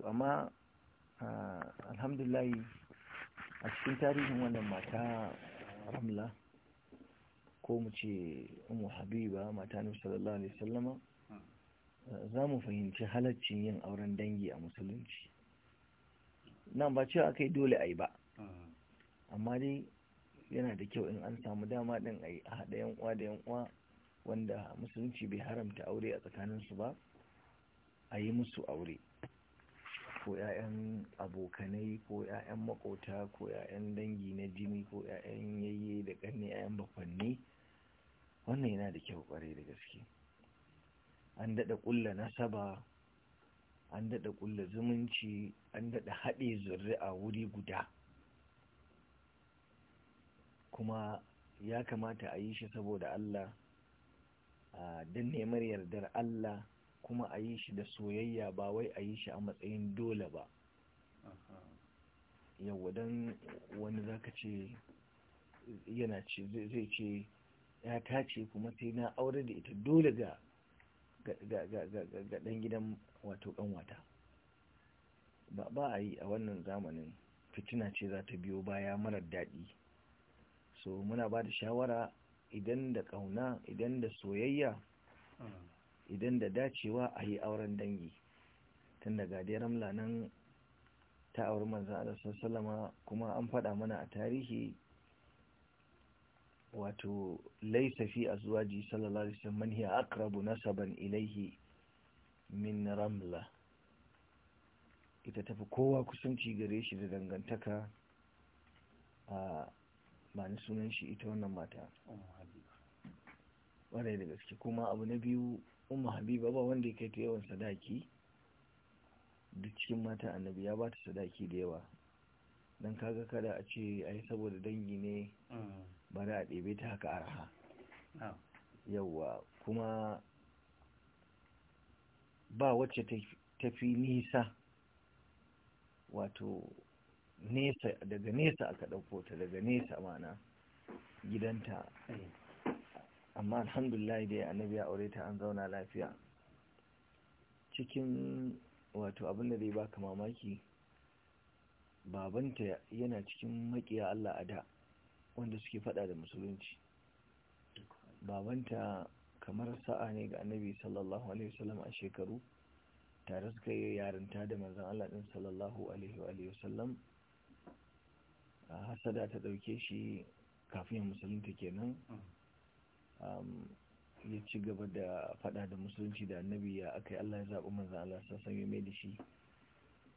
to amma alhamdulahi a cikin tarihin wannan mata ramla ko mu ce umu habiba mata na sallallahu alaihi sallama za mu fahimci halaccin yin auren dangi a musulunci nan ba cewa kai dole a yi ba amma dai yana da kyau in an samu dama din a haɗa yan uwa da yan uwa wanda musulunci bai haramta aure a tsakaninsu ba a yi musu aure ko 'ya'yan abokanai ko 'ya'yan maƙota, ko 'ya'yan dangi na jini ko 'ya'yan yayye da ƙanne 'ya'yan bakwanni wannan yana da kyau ƙwarai da gaske an daɗa ƙulla nasaba an daɗa ƙulla zumunci an daɗa haɗe a wuri guda kuma ya kamata a yi shi saboda Allah don neman yardar Allah kuma a yi shi da soyayya ba wai a yi shi a matsayin dole ba yau don wani zaka ce yana ce zai ce ya tace kuma sai na aure da ita dole ga dan gidan wato ɗan ba ba a yi a wannan zamanin fitina ce za ta biyo baya marar daɗi so muna ba da shawara idan da ƙauna idan da soyayya idan da dacewa a yi auren dangi tun daga dai ramla nan ta auri manzan alasar salama kuma an faɗa mana a tarihi wato laisafi zuwa zuwa sallallahu alaihi a hiya na nasaban ilaihi min ramla ita tafi kowa kusanci gare shi da dangantaka a ba ni sunan shi ita wannan mata oh, kwarai da gaske kuma abu na biyu umma habiba ba wanda ya kai ta yawan sadaki duk cikin mata annabi ya bata sadaki da yawa don kaga kada a ce a yi saboda dangi ne mm. bari a ɗebe ta haka arha ah. yawa kuma ba wacce ta fi nisa wato nesa daga nesa aka ɗauko ta daga nesa mana gidanta eh. amma alhamdulillah dai annabi ya aure ta an zauna lafiya cikin wato abin da zai baka mamaki babanta yana cikin makiya Allah a da wanda suke fada da musulunci babanta kamar sa'a ne ga annabi sallallahu alaihi wasallam a shekaru tare suka yi yarinta da manzon Allah din sallallahu alaihi wa sallam hasada ta dauke shi kafin musulunta kenan mm. Um, ya ci gaba da fada da musulunci da annabi ya aka yi Allah ya zaɓi manzan Allah sun sanya mai da shi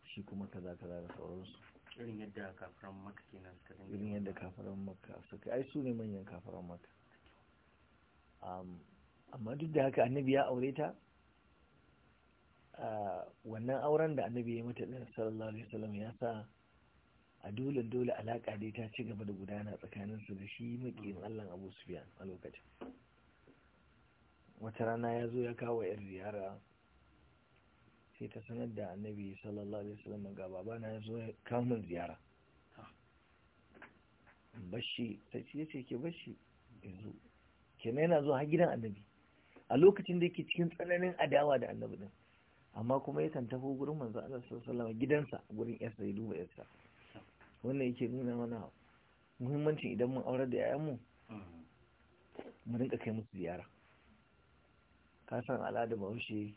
shi kuma kaza kaza da sauransu irin yadda kafaran maka kenan suka dinga irin yadda kafaran maka suka ai su ne manyan kafaran maka um, amma duk da haka annabi ya aure ta uh, wannan auren da annabi ya mata sallallahu alaihi wasallam ya sa a dole dole alaka dai ta ci gaba da gudana tsakanin su da shi makiyin Allah Abu Sufyan a lokacin wata rana ya zo ya kawo yar ziyara sai ta sanar da annabi sallallahu alaihi wasallam ga babana ya zo ya kawo min ziyara bashi sai ce yace ke bashi yanzu kenan yana zuwa har gidan annabi a lokacin da yake cikin tsananin adawa da annabi din amma kuma ya tafi gurin manzo Allah sallallahu alaihi wasallam gidansa gurin yarsa ya duba yarsa wannan yake nuna mana muhimmancin idan mun aurar da 'ya'yanmu mu rinka kai musu ziyara ka san al'adar bahaushe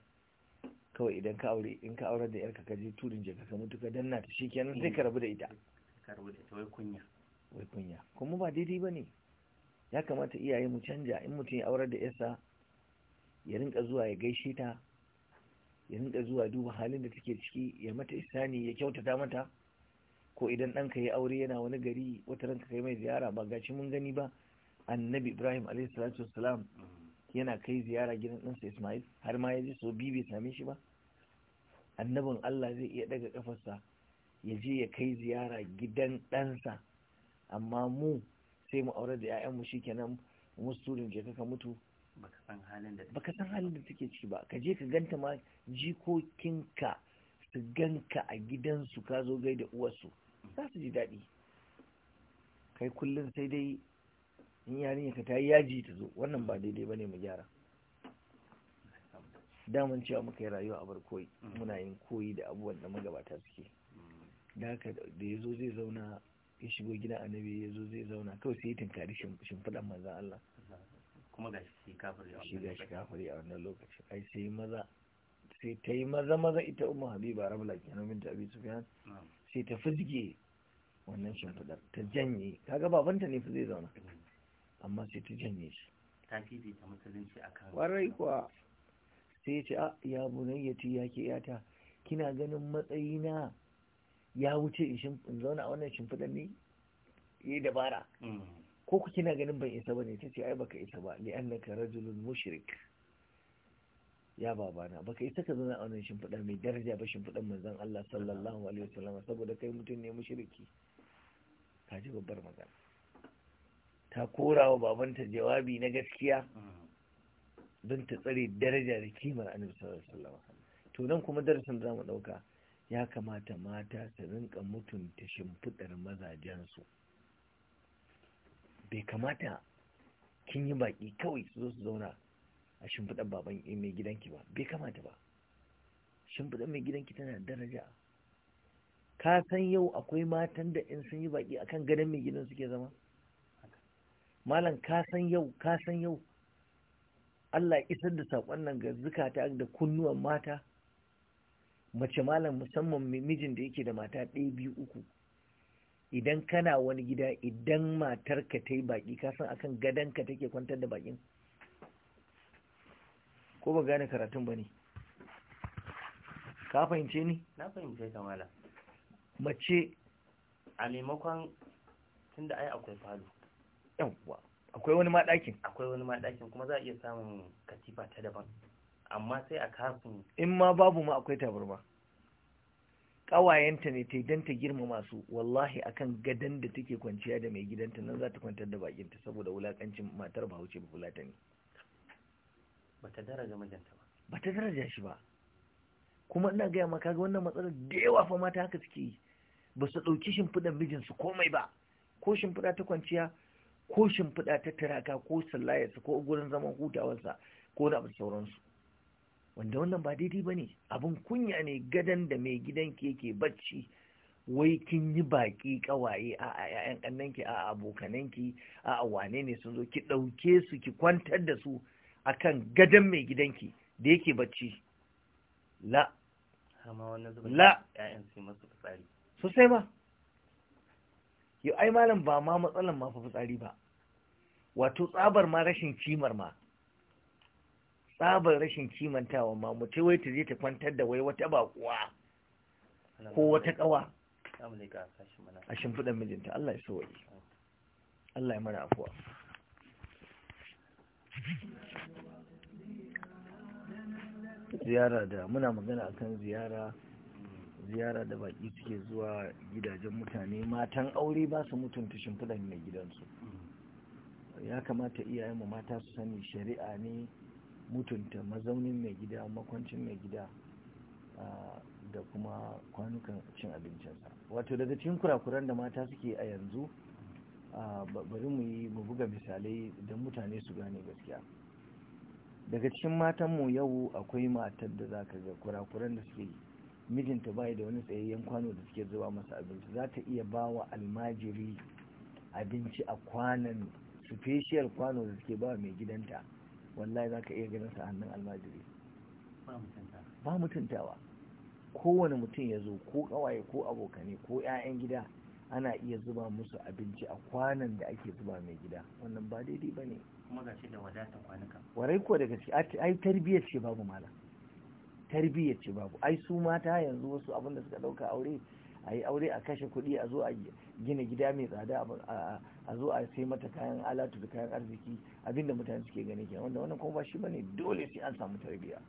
kawai idan ka aure in ka aurar da yarka ka je turin jaka ka mutu ka danna ta shikenan sai ka rabu da ita ka rabu da ita wai kunya wai kunya kuma ba daidai bane ya kamata iyaye mu canja in mutum ya aurar da yarsa ya rinka zuwa ya gaishe ta ya rinka zuwa duba halin da take ciki ya mata isani ya kyautata mata ko idan ɗanka yi aure yana wani gari wata ranka kai mai ziyara ba gashi mun gani ba annabi ibrahim alaihi salatu yana kai ziyara gidan ɗansa ismail har ma ya je so biyu bai same shi ba annabin allah zai iya ɗaga ƙafarsa ya je ya kai ziyara gidan ɗansa amma mu sai mu aure da 'ya'yanmu mu musulun je ka mutu baka san halin da take ciki ba ka je ka ganta ma jikokinka su ganka a gidansu ka zo gai da uwarsu za su ji daɗi kai kullum sai dai in yarinya ka ta yi yaji ta zo wannan ba daidai ba ne mu gyara daman cewa muka yi rayuwa a bar koyi muna yin koyi da abubuwan da magabata suke da haka da ya zo zai zauna ya shigo gidan annabi ya zo zai zauna kawai sai ya tunkari shimfiɗan manzan Allah kuma ga shi kafiri a shi shi a wannan lokaci ai sai maza sai ta yi maza maza ita umma habiba rabla kenan min ta abi sai ta fizge wannan shimfidar ta janye kaga babanta ne fi zai zauna amma sai ta janye shi ta fifita musulunci kan warai kuwa sai ce a ah, ya bunayyati ya ke yata kina ganin matsayina ya wuce in zauna a wannan shimfiɗar ne yi dabara mm. ko ku kina ganin ban isa ba ne ta ce ai baka isa ba li'annaka rajulun mushrik ya babana baka yi saka zana a wannan shimfiɗa mai daraja ba shimfiɗan manzon Allah sallallahu alaihi wasallam saboda kai mutum ne mushriki ka ji babbar magana ta kora wa babanta jawabi na gaskiya don ta tsare daraja da kimar annabi sallallahu alaihi wasallam to nan kuma darasin zamu ɗauka ya kamata mata su rinka mutunta shimfiɗar mazajensu bai kamata kin yi baki kawai su zo su zauna a shimfiɗar baban eh, mai gidanki ba bai kamata ba shimfiɗar mai gidanki tana daraja ka san yau akwai matan da in sun yi baki akan gadon mai gidan suke zama malam ka san yau ka san yau Allah isar da saƙon nan ga zukata da kunnuwan mata mace malam musamman mijin da yake da mata ɗaya biyu uku idan kana wani gida idan matarka ta yi baƙi ka san akan gadonka take kwantar da baƙin ko ba gane karatun ba ne ka fahimce ni na fahimce ka mace a maimakon tunda ai akwai falo yawwa akwai wani maɗakin akwai wani maɗakin, kuma za a iya samun katifa ta daban amma sai a kafin in ma babu ma akwai tabarma ƙawayenta ne ta idan ta girma masu wallahi akan gadon da take kwanciya da mai gidanta nan za ta kwantar da bakinta saboda wulakancin matar bahaushe ba fulatani bata daraja mijinta ba bata daraja shi ba kuma ina gaya maka ga wannan matsalar da yawa fa mata haka suke yi ba su ɗauki shimfiɗar mijinsu komai ba ko shimfida ta kwanciya ko shimfiɗa ta turaka ko su ko gurin zaman hutawarsa ko na sauran sauransu wanda wannan ba daidai ba ne abin kunya ne gadan da mai gidan ki yake bacci wai kin yi baƙi ƙawaye a ƴaƴan ki a abokananki a wane ne sun zo ki ɗauke su ki kwantar da su akan gadon mai gidanki da yake bacci la la sosai ba yau ai malam ba ma matsalan ma fitsari ba wato tsabar ma rashin kimar ma tsabar rashin kimantawa ma mutai wai ta je ta kwantar da wai wata bakuwa ko wata kawa a shimfiɗan mijinta Allah ya so Allah ya mana afuwa ziyara da muna magana akan ziyara ziyara da baki suke zuwa gidajen mutane matan aure ba su mutunta shimfiɗan mai gidansu ya kamata mu mata su sani shari'a ne mutunta mazaunin mai gida makwancin mai gida ah, da kuma kwanukan cin abincinsa wato daga cikin kurakuran da mata suke a yanzu bari mu yi mu buga misalai don mutane su gane gaskiya daga cikin matanmu yau akwai matar da za ka ga kurakuran da suke yi mijinta bai da wani tsayayyen kwano da suke zuba masa abinci za ta iya ba wa almajiri abinci a kwanan special kwano da suke ba mai gidanta wallahi za ka iya ganin sa hannun almajiri ba mutuntawa kowane mutum ya zo ko kawaye ko abokane ko 'ya'yan gida ana iya zuba musu abinci a kwanan da ake zuba mai gida wannan ba daidai ba ne kuma ga shi da wadatar kwanuka warai ko daga ciki ai tarbiyyar ce babu mala tarbiyyar ce babu ai su mata yanzu wasu abin da suka dauka aure a yi aure a kashe kuɗi a zo a gina gida mai tsada a zo a sai mata kayan alatu da kayan arziki abinda mutane suke gani ke wanda wannan kuma ba shi bane dole sai an samu tarbiyya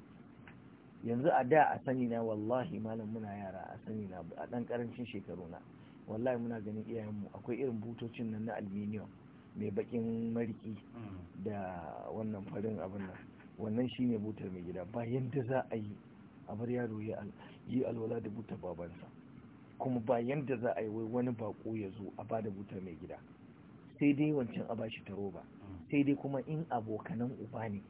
yanzu a da a sani na wallahi malam muna yara a sani na a dan karancin shekaru na wallahi muna ganin iyayenmu akwai irin butocin nan na aluminium mai bakin mariki mm. da wannan farin abin nan wannan shine butar mai gida ba yanda za a yi a bar yaro ya yi alwala da butar babansa kuma ba yanda za a yi wai wani bako ya zo a ba da butar mai gida sai dai wancan a bashi ta roba mm. sai dai kuma in abokanan uba ne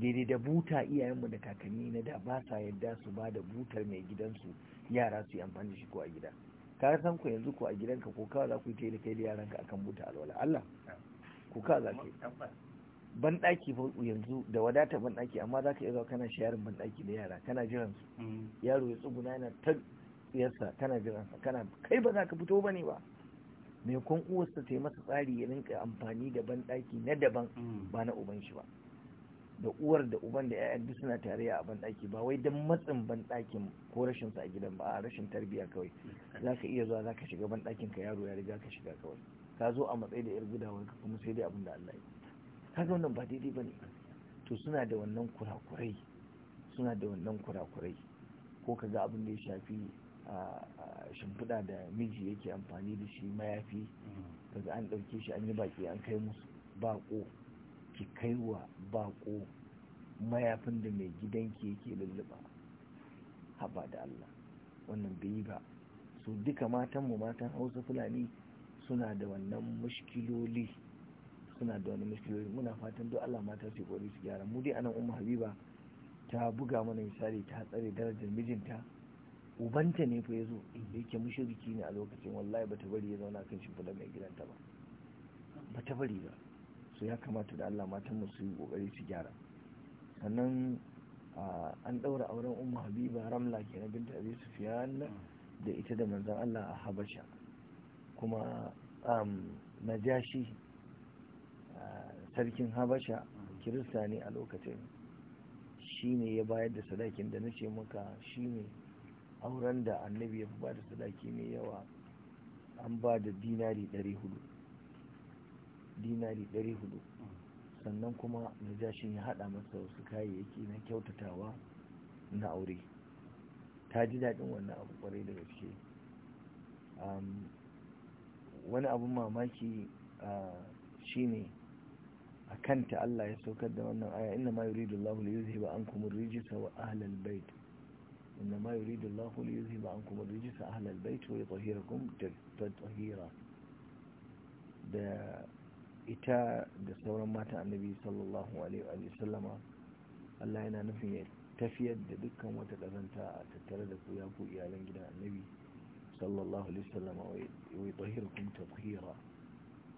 daidai da buta iyayenmu da kakanni na da ba sa yadda su ba da butar mai gidansu yara su yi amfani da shi ko a gida ka san ku yanzu ku a gidanka ko kawai za ku yi da kai da yaranka akan buta alwala Allah ku ka za ku ban daki fa yanzu da wadata ban daki amma za ka iya zuwa kana sharing ban daki da yara kana jiran mm. yaro ya tsuguna yana ta tsiyarsa kana jiran sa kana kai ba za ka fito bane ba kon uwarsa ta yi masa tsari ya rinka amfani da ban daki na daban mm. ba na uban shi ba da uwar da uban da 'ya'yan duk suna tare a banɗaki ba wai don matsin banɗakin ko rashin sa a gidan ba a rashin tarbiyya kawai za ka iya zuwa za ka shiga banɗakin ka yaro ya riga ka shiga kawai ka zo a matsayi da 'yar gudawar ka kuma sai dai abin da Allah ya ka ga wannan ba daidai ba ne to suna da wannan kurakurai suna da wannan kurakurai ko ka ga abin da ya shafi a shimfiɗa da miji yake amfani da shi mayafi kaga an ɗauke shi an yi baki an kai musu baƙo ki kai wa bako mayafin da mai gidanki yake lulluba haba da Allah wannan bai ba su duka matanmu matan hausa fulani suna da wannan mushkiloli suna da wani mushkiloli muna fatan duk Allah mata su gori su gyara mu dai anan umma habiba ta buga mana misali ta tsare darajar mijinta ubanta ne fa yazo inda yake mushriki ne a lokacin wallahi bata bari ya zauna kan shi shimfiɗa mai gidanta ba bata bari ba su ya kamata da Allah matan mu su yi kokari su gyara sannan an daura auren umma habiba ramla ke na binta abi sufyan da ita da manzan Allah a habasha kuma najashi sarkin habasha kirista ne a lokacin shi ne ya bayar da sadakin da na ce maka shi ne auren da annabi ya fi ba da sadaki mai yawa an ba da dinari 400 dinari 400 sannan kuma na jashin ya hada masa wasu kayayyaki na kyautatawa na aure ta ji daɗin wannan abu kwarai da gaske wani abun mamaki shine a kanta Allah ya saukar da wannan aya inna ma yuridu Allahu li yuzhiba ankum ar-rijsa wa ahlal bait inna ma yuridu Allahu li yuzhiba ankum ar-rijsa ahlal bait wa yutahhirakum tatheera da ita da sauran matan annabi sallallahu alaihi sallama Allah yana nufin ya tafiyar da dukkan wata kazanta a tattare da ku ya ku iyalan gidan annabi sallallahu alaihi sallama wa yutahhirukum tatheera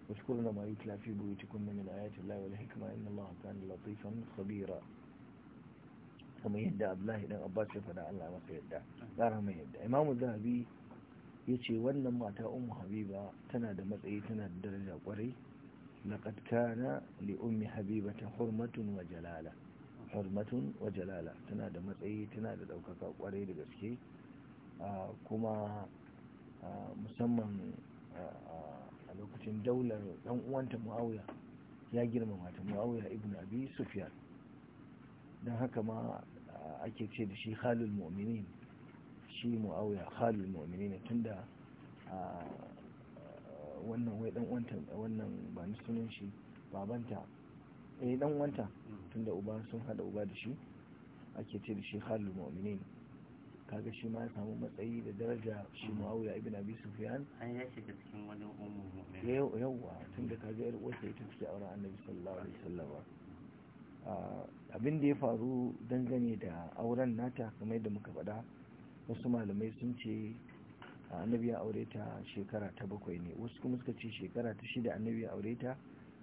واذكرن ما يتلى في بيوتكن layi wani الله والحكمة Allah الله كان latifan خبيرا Kama yadda abdullahi dan abbas ya faɗa allah masa yadda tsara mai yadda imamu zahabi ya ce wannan mata umu habiba tana da matsayi tana da daraja kwarai لقد كان li ummi habiba ta hurmatun wa jalala tana da matsayi tana da ɗaukaka kwarai da gaske kuma musamman a lokacin daular ɗan uwanta mu'awiya ya girmama ta mu'awiya ibn abi sufyan don haka ma ake ce da shi halul mu'minin shi mu'awiya halul mu'minin tunda wannan wai dan wanta wannan ba ni sunan shi babanta eh dan wanta tunda uba sun hada uba da shi ake ce da shi halul mu'minin kaga shi ma ya samu matsayi da daraja shi muawiya ibn abi sufyan an ya shiga cikin wani ummu mu'minin yauwa tunda kaga yar uwarsa ita take aure annabi sallallahu alaihi wasallam ah, abin da ya faru dangane da auren nata kamar da muka faɗa wasu malamai sun ce annabi ya aure ta shekara ta bakwai ne wasu kuma suka ce shekara ta shida annabi ya aure ta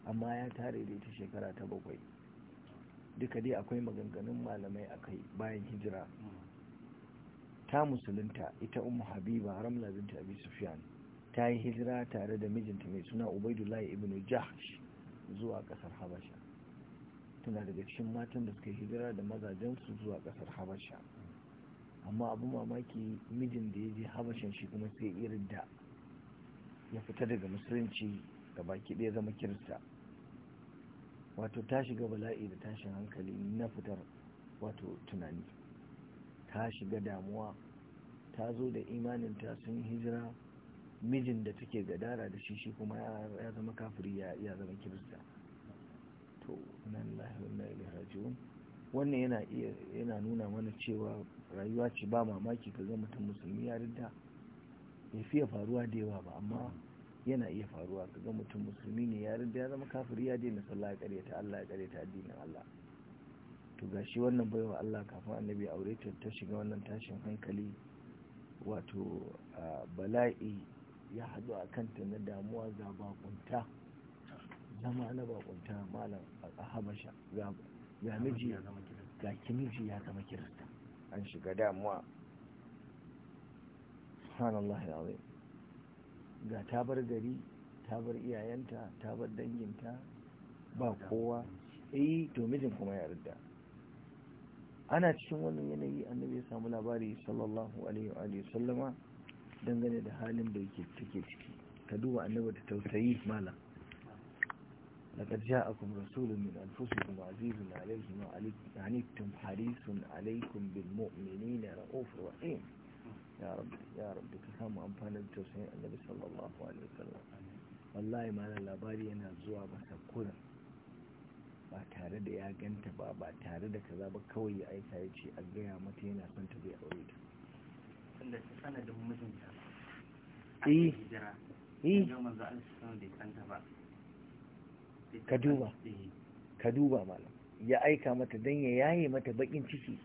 amma ya tare da ita shekara ta bakwai duka dai akwai maganganun malamai a kai, bayan hijira ta musulunta ita ummu habiba ramla binta abi sufyan ta yi hijira tare da mijinta mai suna Ubaidulahi ibn jahsh zuwa kasar habasha tana daga cikin matan da suka yi hijira da mazajensu zuwa kasar habasha amma abu mamaki mijin da ya je habashin shi kuma sai irin da ya fita daga musulunci ga baki ɗaya zama kirista wato ta shiga bala'i da tashin hankali na fitar wato tunani ta shiga damuwa ta zo da ta sun hijira mijin da take gadara da shi shi kuma ya zama kafiri ya zama kirista to nan lahirin na ilhajiyun wannan yana iya yana nuna mana cewa rayuwa ce ba mamaki ka zama mutum musulmi ya ridda ya fiye faruwa da yawa ba amma yana iya faruwa kaga zama mutum musulmi ne ya ridda ya zama kafiri ya daina sallah ya ta Allah ya ta addinin Allah to gashi wannan baiwa Allah kafin annabi aure ta ta shiga wannan tashin hankali wato bala'i ya haɗu a kanta na damuwa ga bakunta zama na bakunta malam a habasha ga miji ya zama kirista ga miji ya zama kirista an shiga damuwa ya alazim ga ta bar gari ta bar iyayenta ta bar danginta ba kowa eh to mijin kuma ya rida ana cikin wannan yanayi annabi ya samu labari sallallahu alaihi wa alihi sallama dangane da halin da yake ciki ka duba annabi da tausayi malam لقد جاءكم رسول من أنفسكم عزيز عليه ما عنتم حريص عليكم بالمؤمنين رؤوف رحيم ya rabbi ya rabbi ka samu amfanar tausayin annabi sallallahu alaihi wasallam wallahi malam labari yana zuwa masa kurin ba tare da ya ganta ba ba tare da kaza ba kawai ya aika ya ce a gaya yana son ta zai aure ta ta a hijira da ba ka duba ka duba malam ya aika mata don ya yaye mata bakin ciki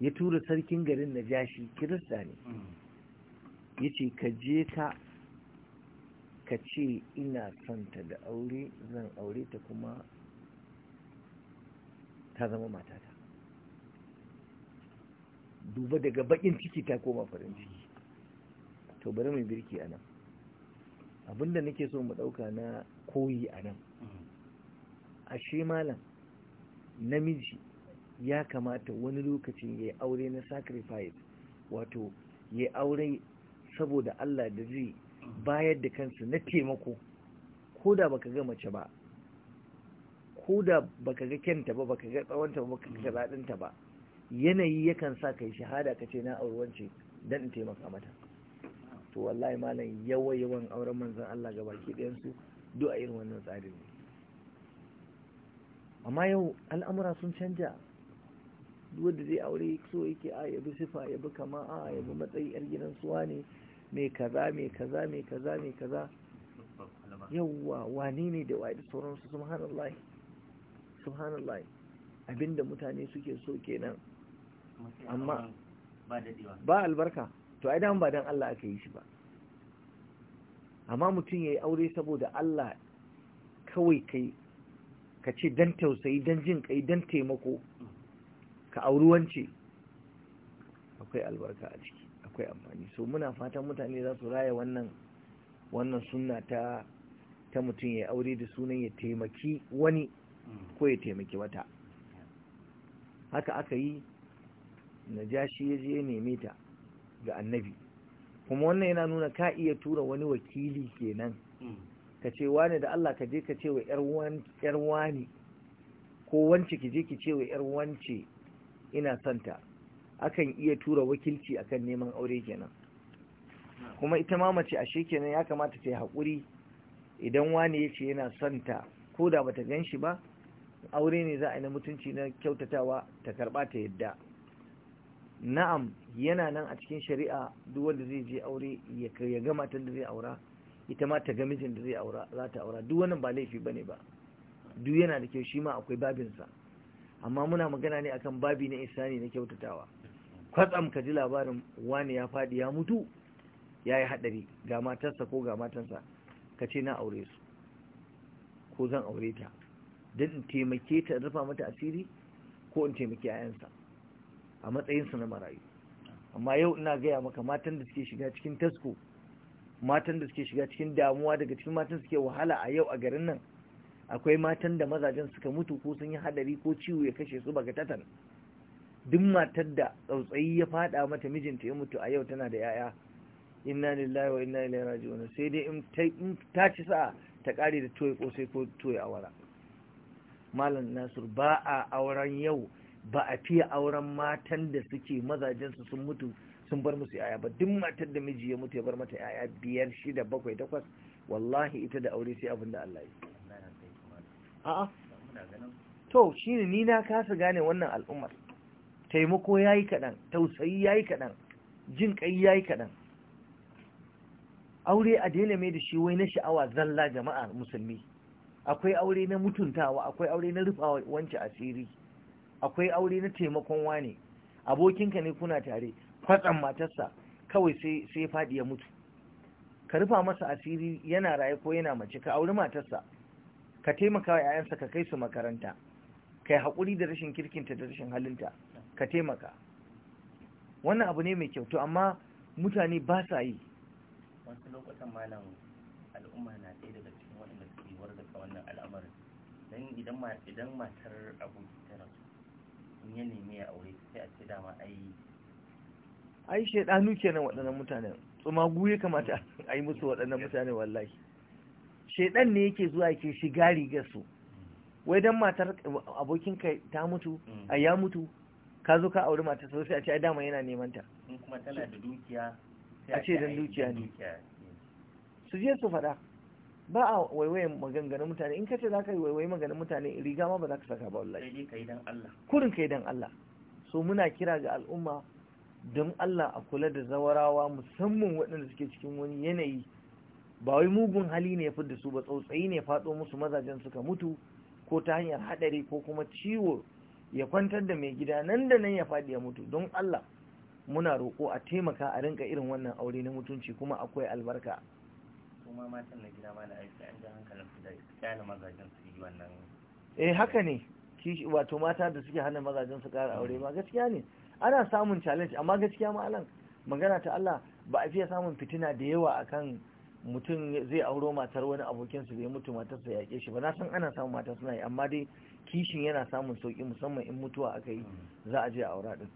ya tura sarkin garin na jashi kirista ne ya ce ka je ta ka ce ina santa da aure zan aure ta kuma ta zama matata duba daga bakin ciki ta koma farin ciki to bari mai birki a nan abinda nake so mu ɗauka na koyi a nan mm-hmm. ashe malam namiji ya kamata wani lokaci ya yi aure na sacrifice wato ya yi aure saboda Allah da zai mm-hmm. bayar da kansu na taimako ko da baka ga mace ba ko da baka ga kyanta ba baka ga tsawonta ba baka ga mm-hmm. daɗinta ba yanayi yakan sa kai shahada ka ce na aure wance don in taimaka mata to wallahi malam yawa yawan auren manzon Allah ga baki ɗayan su duk a irin wannan tsarin ne amma yau al'amura sun canja duk da zai aure so yake a ya bi sifa ya bi kama a ya bi matsayi yar gidan suwa ne mai kaza mai kaza mai kaza mai kaza yawa wane ne da wa'idi sauransu subhanallah subhanallah abinda mutane suke so kenan amma ba albarka to ai dan ba dan Allah aka yi shi ba amma mutum yayi aure saboda Allah kawai kai ka ce dan tausayi dan jin kai dan taimako ka auri wance akwai albarka a ciki akwai amfani so muna fatan mutane za su raya wannan wannan sunna ta ta mutum yayi aure da sunan ya taimaki wani ko ya taimaki wata haka aka yi najashi ya je ya neme ta ga annabi kuma wannan yana nuna ka iya tura wani wakili kenan hmm. ka ce wani da Allah ka je ka ce wa ‘yar wani ko wance ki je ki ce wa ‘yar wance ina santa akan iya tura wakilci akan neman aure kenan kuma ita ma mace ashe kenan ya kamata ta yi haƙuri idan wani ya ce yana santa ko da bata ganshi shi ba aure ne za a yi na mutunci na kyautatawa ta karɓa ta yadda na'am yana nan a cikin shari'a duk wanda zai je aure ya ga matan da zai aura ita ma ta ga mijin da zai aura za ta aura duk wannan ba laifi bane ba duk yana da kyau shi ma akwai babinsa amma muna magana ne akan babi na isani na kyautatawa kwatsam ka ji labarin wani ya faɗi ya mutu ya yi haɗari ga matarsa ko ga matansa ka ce na aure su ko zan aure ta don in taimake ta rufa mata asiri ko in taimake 'ya'yansa a matsayinsu na marayu amma yau ina gaya maka matan da suke shiga cikin tasko matan da suke shiga cikin damuwa daga cikin matan suke wahala a yau a garin nan akwai matan da mazajen suka mutu ko sun yi hadari ko ciwo ya kashe su baga tatan duk matar da tsautsayi ya fada mata mijinta ya mutu a yau tana da yaya inna lillahi wa inna ilaihi raji'un sai dai in ta ci sa'a ta kare da toye kosai ko toye awara malam nasur ba a auren yau ba a fiye auren matan da suke mazajensu sun mutu sun bar musu yaya ba duk matar da miji ya mutu ya bar mata yaya biyar shida bakwai takwas wallahi ita da aure sai abin da Allah yi a'a to shine ni na kasa gane wannan al'ummar taimako yayi kaɗan tausayi yayi kaɗan jin kai yayi kaɗan aure a daina mai da shi wai na sha'awa zalla jama'a musulmi akwai aure na mutuntawa akwai aure na rufawa wancan asiri akwai aure na taimakon wane abokinka ne kuna tare kwatsan matarsa kawai sai faɗi ya mutu ka rufa masa asiri yana raye ko yana mace ka auri matarsa ka taimaka wa 'ya'yansa ka kai su makaranta kai haƙuri da rashin kirkinta da rashin halinta ka taimaka wannan abu ne mai kyau to amma mutane ba sa yi wasu lokutan malam al'umma na ɗaya daga cikin waɗanda suke warga wannan al'amarin don idan matar abu in ya nemi ya aure sai a ce dama ai ai shaidanu kenan waɗannan mutanen tsumagu ya kamata a yi musu waɗannan mutane wallahi shaidan ne yake zuwa ke shiga rigar su mm. wai dan matar abokinka ta mutu mm. a ya mutu ka zo ka auri matar sai a ce ai dama yana neman ta kuma tana da dukiya a ce dan dukiya ne su je su faɗa ba a waiwayin maganganun mutane in kace ka yi waiwayi maganganun mutane riga ma ba za ka saka ba wallahi sai kai dan Allah kurin Allah so muna kira ga al'umma don Allah a kula da zawarawa musamman waɗanda suke cikin wani yanayi ba wai mugun hali ne ya fi da su ba tsautsayi ne faɗo musu mazajen suka mutu ko ta hanyar haɗari ko kuma ciwo ya kwantar da mai gida nan da nan ya faɗi ya mutu don Allah muna roƙo a taimaka a rinka irin wannan aure na mutunci kuma akwai albarka su ma matan na gida ma da aiki an ji hankalin su da kyale mazajen su yi wannan eh haka ne kishi wato mata da suke hana mazajen su ƙara aure ma gaskiya ne ana samun challenge amma gaskiya ma magana ta Allah ba a fiye samun fitina da yawa akan mutum zai auro matar wani abokin su zai mutu matarsa yake shi ba na san ana samun mata suna yi amma dai kishin yana samun sauki musamman in mutuwa aka yi mm. za a je aura din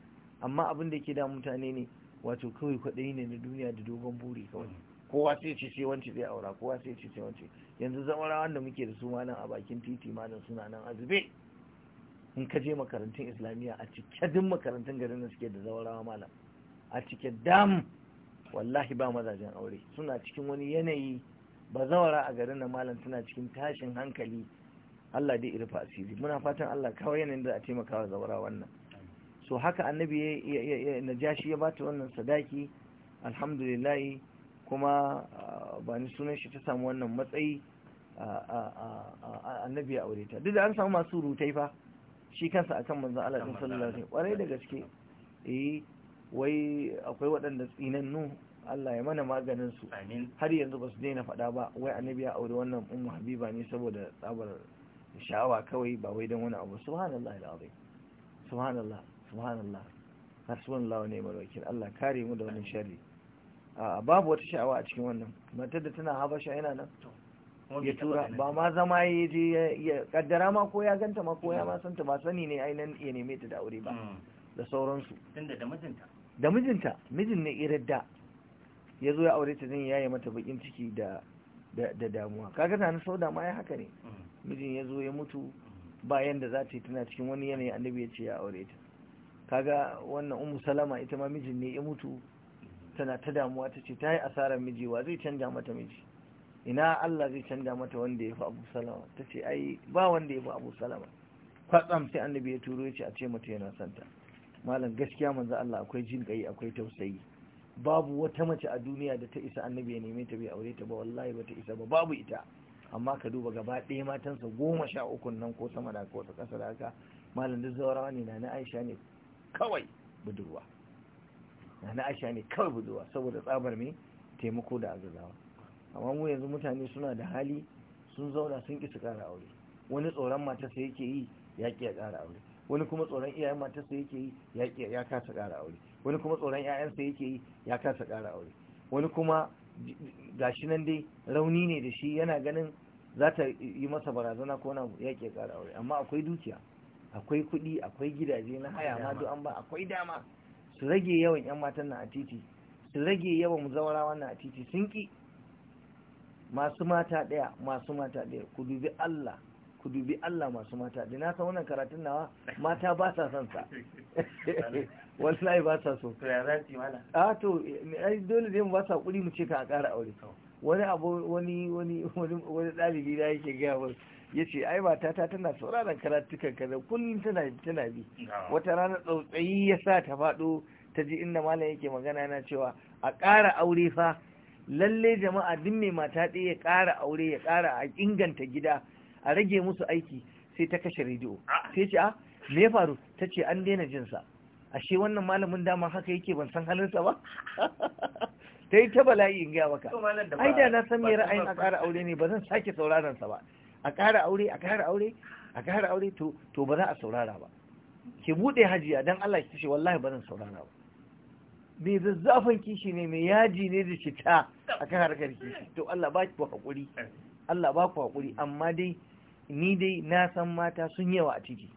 amma abin da yake da mutane ne wato kawai kwaɗayi ne na duniya da dogon buri kawai kowa sai ce sai wance zai aura kowa sai ce sai wance yanzu rawan da muke da su ma nan a bakin titi ma nan suna nan azube in ka je makarantun islamiyya a cike duk makarantun garin da suke da zawarawa malam a cike dam wallahi ba mazajen aure suna cikin wani yanayi ba zawara a garin na malam suna cikin tashin hankali Allah dai irfa asiri muna fatan Allah kawai yanayin da a taimaka wa zawara wannan so haka annabi ya najashi ya bata wannan sadaki alhamdulillah kuma ah, ba ni sunan shi ta samu wannan matsayi ah, ah, annabi ya aure ta duk da an samu masu rutai fa shi kansa akan manzo Allah din sallallahu alaihi wasallam da gaske eh wai akwai waɗanda tsinannu Allah ya mana maganin su har yanzu ba su daina faɗa ba wai annabi ya aure wannan ummu habiba ne saboda tsabar sha'awa kawai ba wai don wani abu subhanallahi alazim subhanallah subhanallah hasbunallah wa ni'mal wakil Allah kare mu da wannan sharri a babu wata sha'awa a cikin wannan matar da tana habasha yana nan ya tura ba ma zama ya je ya kaddara ma ko ya ganta ma ko ya ma ta ba sani ne ainihin ya neme ta da aure ba hmm. da sauransu tunda da mijinta da mijinta mijin ne iradda ya zo ya aure ta zan yaye mata bakin ciki da da damuwa kaga tana sauda ma ya haka ne hmm. mijin ya zo ya mutu hmm. bayan da za ta yi tana cikin wani yanayi annabi ya ce ya aure ta kaga wannan umu salama ita ma mijin ne ya mutu tana ta damuwa ta ce ta yi asarar miji wa zai canja mata miji ina Allah zai canja mata wanda ya fi abu salama ta ce ai ba wanda ya fi abu salama kwatsam sai annabi ya turo ya ce a ce mata yana santa malam gaskiya manzo Allah akwai jin kai akwai tausayi babu wata mace a duniya da ta isa annabi ya neme ta bai aure ta ba wallahi ba ta isa ba babu ita amma ka duba gaba ɗaya matansa goma sha uku nan ko sama da ko ta ƙasa da haka malam duk zaurawa ne na na Aisha ne kawai budurwa na aisha ne kawai budurwa saboda tsabar mai taimako da agazawa amma mu yanzu mutane suna da hali sun zauna sun ki su ƙara aure wani tsoron matarsa yake yi ya ƙi ya ƙara aure wani kuma tsoron iyayen matarsa yake yi ya ƙi kasa ƙara aure wani kuma tsoron sai yake yi ya kasa ƙara aure wani kuma gashi nan dai rauni ne da shi yana ganin za ta yi masa barazana ko na ya ƙi ya ƙara aure amma akwai dukiya akwai kuɗi akwai gidaje na haya ma duk an ba akwai dama su rage yawan yan matan na a titi su rage yawan muzawarawa na a titi sun ki masu mata ɗaya masu mata ɗaya ku dubi Allah ku dubi Allah masu mata da na san wannan karatun nawa mata ba sa son sa wallahi ba sa so a to ai dole ne mu ba sa kuri mu ce ka a ƙara aure wani abu wani wani wani dalibi da yake gaya wa ya ce ai matata tana sauraron karatukan kaza kullum tana tana bi wata rana tsautsayi ya sa ta faɗo ta ji inda malam yake magana yana cewa a ƙara aure fa lalle jama'a duk mai mata ɗaya ya ƙara aure ya ƙara a inganta gida a rage musu aiki sai ta kashe rediyo sai ah. ce a ah, me ya faru ta ce an daina jinsa ashe wannan malamin dama haka yake ban san halinsa ba ta yi ta bala'i in gaya maka ai da na san me ra'ayin a ƙara aure ne ba zan sake sauraron sa ba a ƙara aure a ƙara aure a ƙara aure to ba za a saurara ba ki buɗe hajiya don Allah ki ce wallahi ba zan saurara ba me zazzafan kishi ne mai yaji ne da cita akan harkar kishi to Allah ba ku haƙuri Allah ba ku haƙuri amma dai ni dai na san mata sun yawa a ciki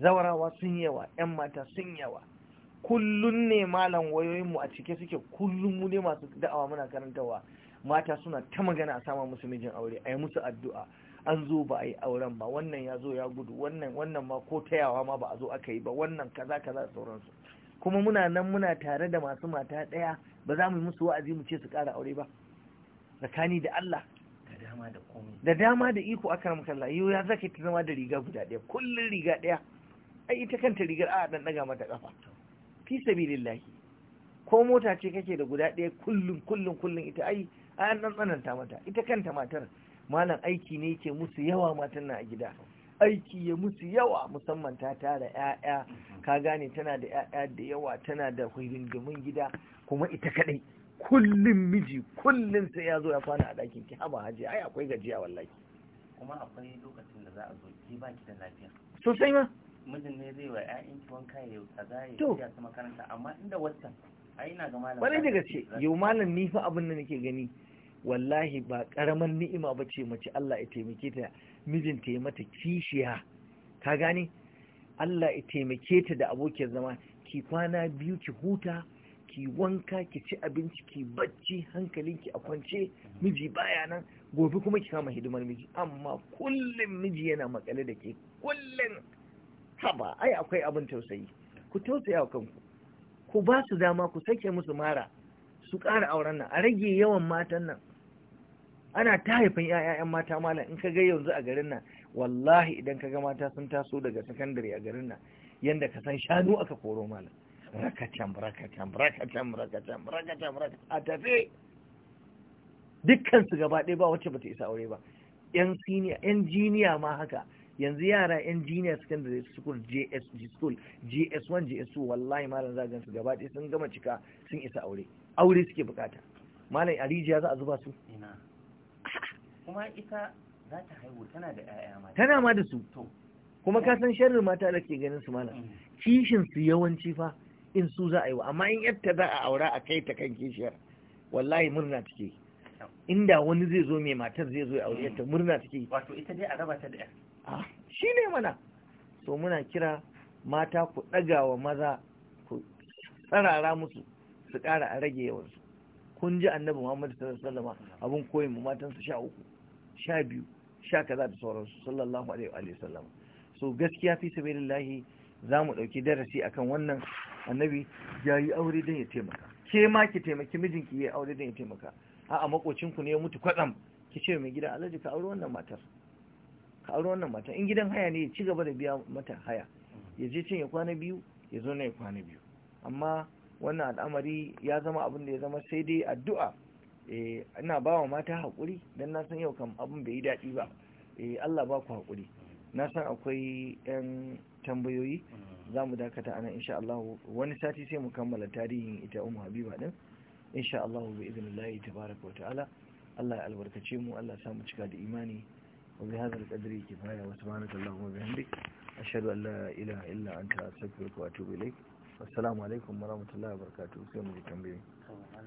zawarawa sun yawa yan mata sun yawa kullun ne malam wayoyinmu a cike suke kullun mu ne masu da'awa muna karantawa mata suna ta magana a sama musu mijin aure a yi musu addu'a an zo ba a yi auren ba wannan ya zo ya gudu wannan wannan ma ko tayawa ma ba a zo aka yi ba wannan kaza kaza sauransu kuma muna nan muna tare da masu mata ɗaya ba za mu yi musu wa'azi mu ce su ƙara aure ba tsakani da Allah da dama da iko aka ramu kalla yau ya zaka ta zama da riga guda ɗaya kullum riga ɗaya ai ita kanta rigar a ɗan ɗaga mata ƙafa fi sabilillahi ko mota ce kake da guda ɗaya kullum kullum kullum ita ai an nan tsananta mata ita kanta matar malam aiki ne ke musu yawa matan na a gida aiki ya musu yawa musamman ta tara 'ya'ya ka gane tana da 'ya'ya da yawa tana da hulundumin gida kuma ita kadai kullum miji kullum sai ya zo ya kwana a ɗakin ki haba haji ai akwai gajiya wallahi kuma akwai lokacin da za a zo ki ba ki da lafiya sosai ma mijin ne zai wa ya'yan ki wanka ya yi kaza ya ta makaranta amma inda wata Wani daga ce yau malam ni fa abin da nake gani wallahi ba karamar ni'ima ba ce mace Allah ya taimake ta ta yi mata kishiya ka gani Allah ya taimake ta da abokin zama ki kwana biyu ki huta ki wanka ki ci abinci ki bacci hankalinki a kwance miji baya nan gobe kuma ki kama hidimar miji amma kullum miji yana makale da ke kullum haba ai akwai abin tausayi ku tausaya kanku ku ba su dama ku sake musu mara su ƙara auren nan a rage yawan matan nan ana ta haifin ‘ya'ya'yan mata malam in ka ga yanzu a garin nan wallahi idan ka ga mata sun taso daga sakandare a garin nan yadda ka san shanu aka koro malam Rakatan, rakatan, rakatan, rakatan, rakatan, rakatan, a tafe dukkan su gaba ɗaya ba wacce bata isa aure ba yan siniya yan jiniya ma haka yanzu yara yan junior secondary school JSG school gs 1 gs 2 wallahi malam za su, gaba ɗaya sun gama cika sun isa aure aure suke bukata malam arijiya za a zuba su kuma ita za ta haihu tana da ƴaƴa mata tana ma da su kuma ka san sharrin mata da ke ganin su malam mm. kishin su yawanci fa in su za a yi wa amma in yadda za a aura a kai ta kan kishiyar wallahi murna take inda wani zai zo mai matar zai zo aure yadda mm. murna take wato ita dai a raba ta da Ah, shi ne mana so muna kira mata ku ɗaga wa maza ku tsarara musu su ƙara a rage yawansu kun ji annabi muhammadu sallallahu alaihi abin koyin mu matansu sha uku sha biyu sha kaza da sauransu sallallahu alaihi wa sallam so gaskiya fi sabilillahi za mu ɗauki darasi akan wannan annabi ya yi aure don ya taimaka ke ma ki taimaki mijinki ya yi aure don ya taimaka a'a makocinku ne ya mutu kwatsam ki ce mai gida alhaji ka aure wannan matar ka wannan mata in gidan haya ne ya ci gaba da biya mata haya ya je cin ya kwana biyu ya zo na ya kwana biyu amma wannan al'amari ya zama abin da ya zama sai dai addu'a eh, ina ba wa mata haƙuri don na san yau kam abin bai yi daɗi ba eh, Allah ba ku haƙuri na san akwai 'yan tambayoyi za mu dakata ana insha Allah wani sati sai mu kammala tarihin ita umu habiba din insha Allah bi idnillahi tabaraka wa ta'ala Allah ya albarkace mu Allah ya samu cika da imani وبهذا القدر كفاية وسبحانك اللهم وبحمدك أشهد أن لا إله إلا أنت أستغفرك وأتوب إليك والسلام عليكم ورحمة الله وبركاته سيما لكم